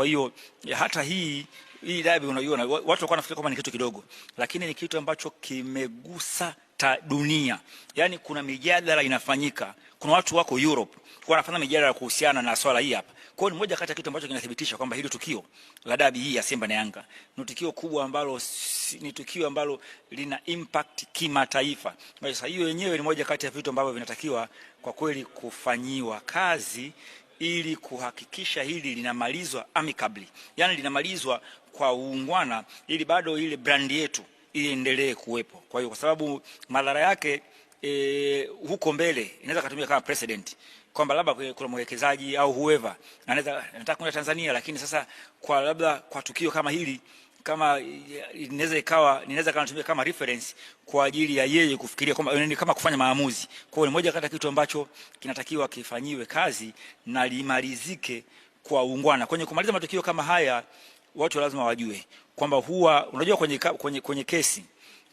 Kwa hiyo hata hii hii dabi unaiona watu walikuwa nafikiri kwamba ni kitu kidogo, lakini ni kitu ambacho kimegusa ta dunia. Yani kuna mijadala inafanyika, kuna watu wako Europe wanafanya mijadala kuhusiana na swala hii hapa. Kwa hiyo ni moja kati ya kitu ambacho kinathibitisha kwamba hili tukio la dabi hii ya Simba na Yanga ni tukio kubwa ambalo ni tukio ambalo lina impact kimataifa. Sasa hiyo yenyewe ni moja kati ya vitu ambavyo vinatakiwa kwa kweli kufanyiwa kazi ili kuhakikisha hili linamalizwa amicably, yani linamalizwa kwa uungwana, ili bado ile brandi yetu iendelee kuwepo. Kwa hiyo kwa sababu madhara yake e, huko mbele inaweza kutumika kama precedent kwamba labda kuna mwekezaji au whoever anaweza nataka kuja Tanzania, lakini sasa kwa labda kwa tukio kama hili kama inaweza ikawa ninaweza kama tumia kama reference kwa ajili ya yeye kufikiria kwamba ni kama kufanya maamuzi. Kwa hiyo ni moja kati ya kitu ambacho kinatakiwa kifanyiwe kazi na limalizike kwa uungwana. Kwenye kumaliza matukio kama haya, watu lazima wajue kwamba huwa unajua, kwenye, kwenye, kwenye kesi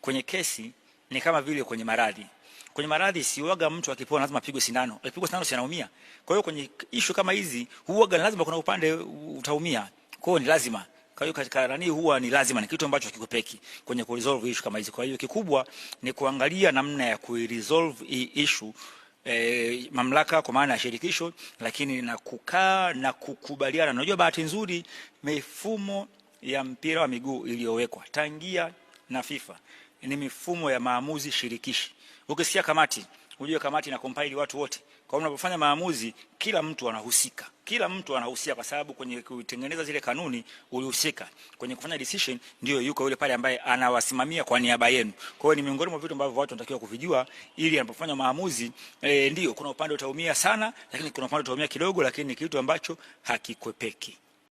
kwenye kesi ni kama vile kwenye maradhi kwenye maradhi siwaga mtu akipona lazima apigwe sindano. Apigwe sindano si anaumia. Kwa hiyo kwenye ishu kama hizi huwaga lazima kuna upande utaumia. Kwa hiyo ni lazima kwa hiyo katika nani huwa ni lazima, ni kitu ambacho kikupeki kwenye ku resolve issue kama hizi. Kwa hiyo kikubwa ni kuangalia namna ya ku resolve hii issue E, mamlaka kwa maana ya shirikisho, lakini na kukaa na kukubaliana. Unajua, bahati nzuri mifumo ya mpira wa miguu iliyowekwa tangia na FIFA ni mifumo ya maamuzi shirikishi. Ukisikia kamati Unajua kamati na compile watu wote. Kwa hiyo unapofanya maamuzi, kila mtu anahusika, kila mtu anahusika, kwa sababu kwenye kutengeneza zile kanuni ulihusika, kwenye kufanya decision ndio yuko yule pale ambaye anawasimamia kwa niaba yenu. Kwa hiyo ni miongoni mwa vitu ambavyo watu wanatakiwa kuvijua, ili anapofanya maamuzi e, ndio kuna upande utaumia sana, lakini kuna upande utaumia kidogo, lakini ni kitu ambacho hakikwepeki.